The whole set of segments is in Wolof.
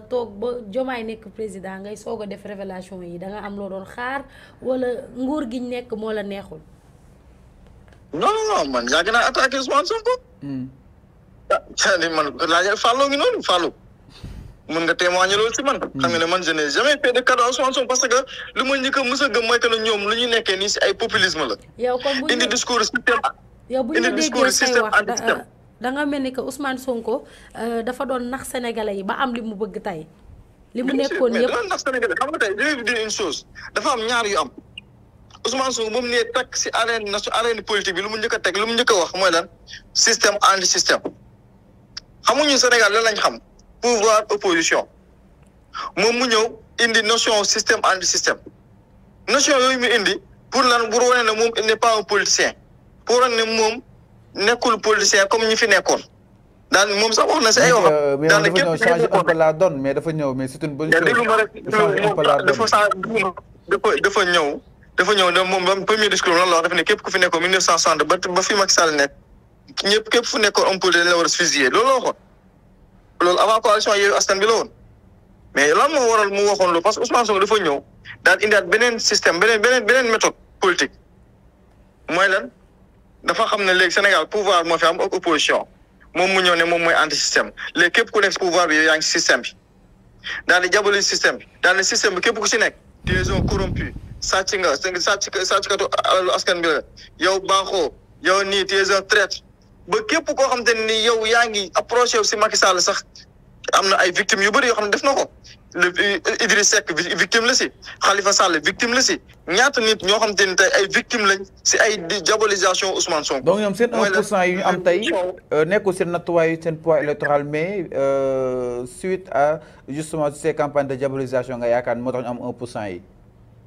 toog ba jomaay nekk président ngay soog a def révélation yi da am loo doon xaar wala nguur gi ñu nekk moo la neexul. non non man yàgg naa attaqué Ousmane Sonko. Hmm. ah cest à noonu Fallou. mën nga témoigner si man. Hmm. xam ne man je jamais fait de cadeau à Ousmane parce que lu ma njëkk a mës a gëm mooy que ne ñoom lu ñu nekkee nii si ay populisme la. yow comme bu indi discours système. yow bu ñu indi discours système a système. Ah, ah, da nga mel ni que Ousmane Sonko euh, dafa doon nax sénégalais yi ba am li mu bëgg tey. li mu nekkoon yëpp doon nax sénégalais nga tey je vais dafa am ñaar yu am Ousmane Sonko moom nee takk si arène na arène politique bi lu mu njëkk a teg lu mu njëkk a wax mooy lan système anti système xamuñu Sénégal lan lañ xam pouvoir opposition moom mu ñëw indi notion système anti système notion yooyu mu indi pour la pour wane ne moom il n'est pas un pour wane ne moom. nekkul politicien comme ñi fi nekkoon daal moom sax wax na si ay wax. Euh, daal la donne mais dafa ñëw mais c'est dafa ñëw dafa ñëw ne moom bam premier discours lan la wax dafa ne képp ku fi nekkoon 1960 ba ba fi Macky Sall nekk ñëpp képp fu nekkoon homme politique dañ la war a fusiller loolu la waxoon bi la woon mais lan moo waral mu waxoon loolu parce que Ousmane Sonko dafa ñëw daal indiwaat beneen système beneen beneen beneen méthode politique mooy lan. dafa xam ne léegi Sénégal pouvoir moo fi am ak opposition moom mu ñëw ne moom mooy anti système léegi képp ku nekk si pouvoir ya yow ngi système daal di jàppale système bi daal di système bi képp ku si nekk disons corrompu sàcc nga sàcc sàcckatu alalu askan bi la yow baaxoo yow nii disons traite ba képp koo xam te ne ni yow yaa ngi approché wu si Macky Sall sax amna ay victimes yu bari yo xamne ne def na euh, Idriss Seck victime la si Khalifa Sall victime la si ñaata nit ño xam tay ay victimes lañ ci ay diabolisation Ousmane Sonko. donc ñoom seen 1 yu ñu am tey euh, nekkul seen nattuwaay sen poids électoral mais euh, suite à justement ces campagnes de diabolisation nga yaakaar moo tax ñu am 1 yi.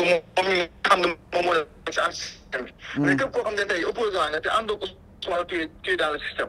ko moom mi nga xam ne moom moo la ci am système bi mm. mais képp koo xam ne tey opposant nga te àndoo ko Ousmane tu es dans le système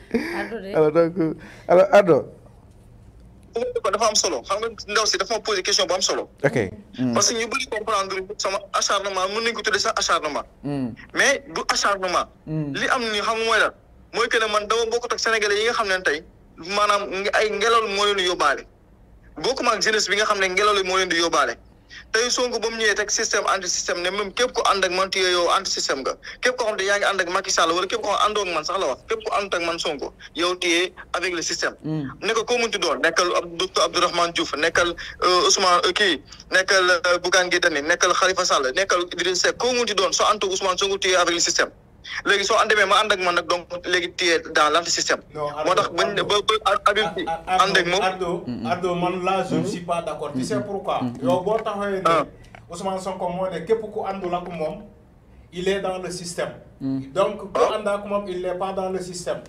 alors donc dafa am solo xam nga ndaw si dafa posé question bu am solo. ok mm. parce ñu bëri comprendre sama acharnement mën nañu ko tuddee sax acharnement. Mm. mais du acharnement. Mm. li am ni xam nga mooy lan mooy que ne man dama bokkut ak sénégalais yi nga xam ne tey maanaam ay ngelaw moo leen di yóbbaale bokkuma bi nga xam ne ngelaw li moo leen di yóbbaale. tey Sonko ba mu ñëwee teg système anti système ne même képp ku ànd ak man tuye yow anti système nga képp koo xam ne yaa ngi ànd ak Macky Sall wala képp koo xam àndoo ak man sax la wax képp ku ànd ak man Sonko yow tuye avec le système mm. ne ko koo munti doon nekkal docteur Abdourahmane Diouf nekkal euh, Ousmane euh, kii nekkal euh, Bougane Gueye Dany nekkal Khalifa Sall nekkal Idrissa Seck koo munti doon soo àndoo Ousmane Sonko tuye avec le système léegi so àndee ma ànd ak man nag donc léegi téye dans l'antisystème. moo tax ba ba Habib ak Ardo mm-hmm. Ardo man la je ne suis pas d'accord. tu sais mm-hmm. pourquoi. Mm-hmm. yow boo taxawee ah. Ousmane Sonko moo ne képp ku àndul ak moom il est dans le système. donc ko ah. ànd ak il n'est pas dans le système.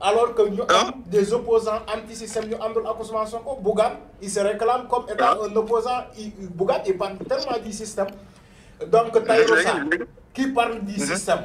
alors que ñu am ah. des opposants anti-système ñu àndul ak Ousmane Sonko Bougan, il se réclame comme étant un opposant il il parle tellement du système donc Tahirou qui parle du système.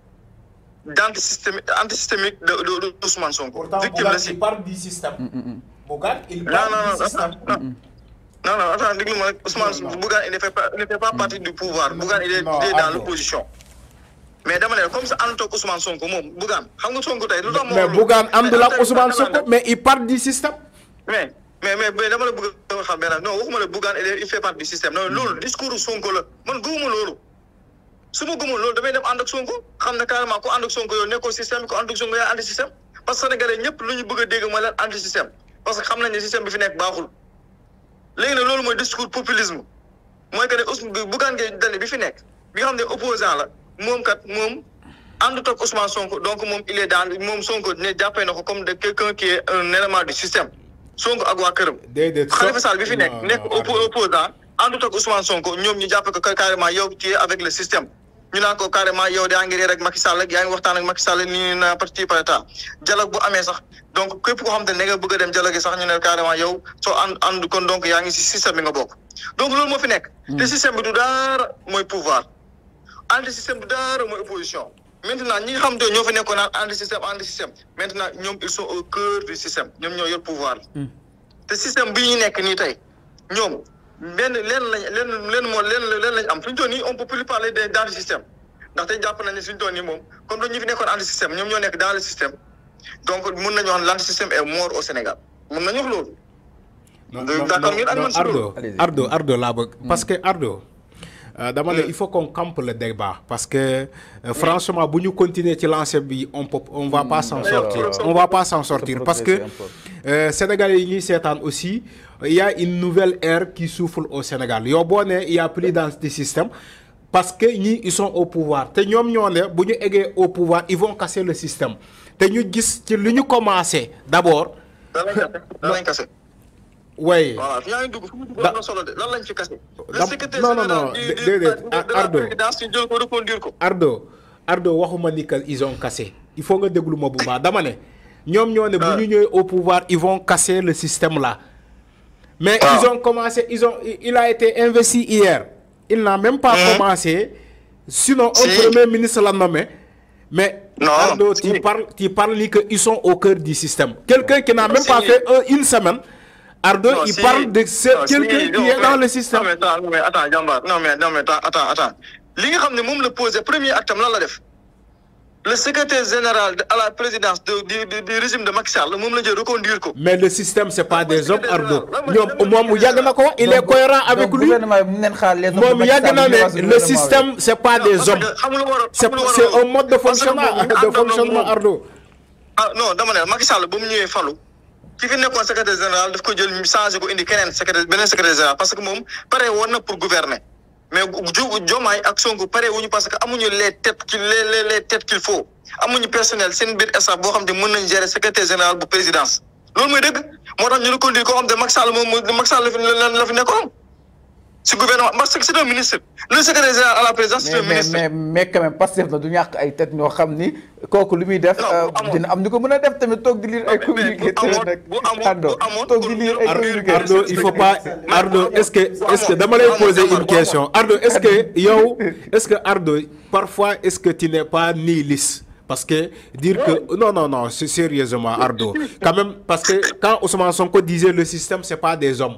antisystémique de, de, Ousmane Sonko. Victime de Il parle du système. Mm, mm, mm. Bougat, il parle non, non, du système. Non, non, attends, dis-moi, Ousmane Bougan il ne fait pas, il ne fait pas partie du pouvoir. Bougan il est, dans l'opposition. Mais dama ne comme ça Antok Ousmane Sonko mom Bougan xam nga Sonko tay lutam Mais Bougan amdula Ousmane Sonko mais il part du système Mais mais mais dama la xam non waxuma Bougan il fait partie du système non loolu discours Sonko mon man gëwuma loolu su ma gëmoon loolu damay dem ànd ak Sonko xam ne carrément ku ànd ak Sonko yow système ku ànd ak Sonko yaa système parce que sénégalais ñëpp lu ñu bëgg a dégg mooy système parce que xam nañ ne système bi fi nekk baaxul léegi nag loolu mooy discours populisme mooy que ne Ousmane Bougane Gueye bi fi nekk bi nga xam ne opposant la moom kat moom àndut ak Ousmane Sonko donc moom il est dans moom Sonko ne jàppee na ko comme de quelqu'un qui est du système Sonko ak waa bi fi nekk nekk opposant àndut ak Ousmane Sonko ñoom ñu jàppee ko avec le système. ñu naan ko carrément yow yaa ngi réer ak Macky Sall yaa ngi waxtaan ak Macky Sall nii na parti par état dialogue bu amee sax donc képp koo xam te ne nga bëgg a dem dialogue sax ñu ne carrément yow soo kon donc yaa ngi si système bi nga bokk donc loolu moo fi nekk te hmm. système bi du dara mooy pouvoir anti système du dara mooy opposition maintenant ñi nga xam te ñoo fi nekkoon naan anti système anti système maintenant ñoom ils sont au cœur du ñoom ñoo yor pouvoir hmm. te système bi ñu nekk nii tey ñoom benn leen lañ leen leen moo leen leen lañ am suñu on peut plus parler de dans le système ndaxte jàpp nañ ne suñu toon nii moom comme dañu fi nekkoon anti système ñoom ñoo nekk dans le système donc mun nañu wax l'anti système est mort au Sénégal mun nañu wax loolu. non non Ardo Ardo Ardo laa mm. parce que Ardo. Euh, dama ne il faut qu'on campe le débat parce que euh, franchement bu ñu continuer ci lancer bi on peut on va pas mm, s'en sortir on va pas s'en sortir parce que euh, sénégalais yi ñuy seetaan aussi il y a une nouvelle ère qui souffle au Sénégal il y a plus système parce que ils sont au pouvoir Et nous, sont au pouvoir ils vont casser le système ñu gis d'abord. casser. oui. non non non Ardo Ardo ils ont cassé il faut que tu ah. au pouvoir ils vont casser le système là. Mais ah. ils ont commencé, ils ont, il a été investi hier. Il n'a même pas mhm. commencé. Sinon, un premier ministre l'a nommé. Mais Ardo, tu parles, tu parles qu'ils sont au cœur du système. Quelqu'un qui n'a même pas fait une semaine, Ardo, il parle de quelqu'un qui est dans le système. Non, mais attends, non, mais, attends, attends, attends. ne pose le premier acte, là, la le secrétaire général à la présidence du, régime de Macky Sall moom la ñu reconduire mais le système c'est pas des hommes Ardo il est cohérent avec lui le système c'est pas des hommes c'est un mode de fonctionnement de Ardo. Ah, non dama Macky Sall Fallu, est fallu. falu ki secrétaire général daf ko jël changé ko indi secrétaire secrétaire général parce que moom pas woon na pour gouverner mais Diomaye ak wuñu parce que les têtes qu'il les les têtes qu'il faut amuñu personnel c'est une ne nañ secrétaire général présidence ne conduire la présidence le gouvernement parce que c'est un ministre le secrétaire général à la présidence c'est un ministre mais mais quand même parce que nous avons ay tête ñoo xam ni kooku lu que nous avons am ñu ko mën a def tamit toog lire Ardo toog di lire communiqué Ardo il faut pas Ardo est-ce que est-ce que dama poser une question Ardo est-ce que yow est-ce que Ardo parfois est-ce que tu n'es pas nihiliste parce que dire que non non non c'est sérieusement Ardo quand même parce que quand Ousmane Sonko disait le système c'est pas des hommes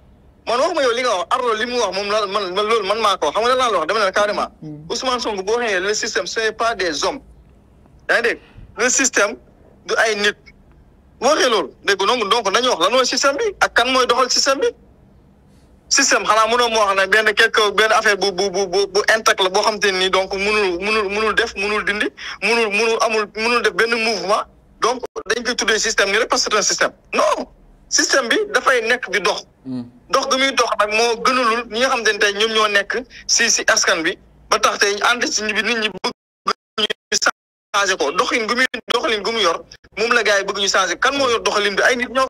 man waxuma yow li nga wax Ardo li mu wax moom la man loolu man maa ko xam nga lan la wax dama ne carrément. Mm. Ousmane Sonko boo xëyee le système ce n'est pas des hommes. yaa ngi le système du ay nit. boo xëyee loolu dégg donc donc dañuy wax lan mooy système bi ak kan mooy doxal système bi. système xanaa mënoo wax na ne benn quelque benn affaire bu bu bu bu la boo xam te nii donc mënul mënul mënul def mënul dindi mënul mënul amul mënul def benn mouvement donc dañ koy tuddee système nii rek parce que c'est un système non. système bi dafay nekk di dox. Hmm. dox gu muy dox nag moo gënalul ñi nga xam ne tey ñoom ñoo nekk si si askan bi ba tax tey ànd si bi nit ñi bëgg ñu changé ko doxin gu muy doxalin gu mu yor moom la gars yi bëgg ñu changé kan moo yor doxalin bi ay nit ñoo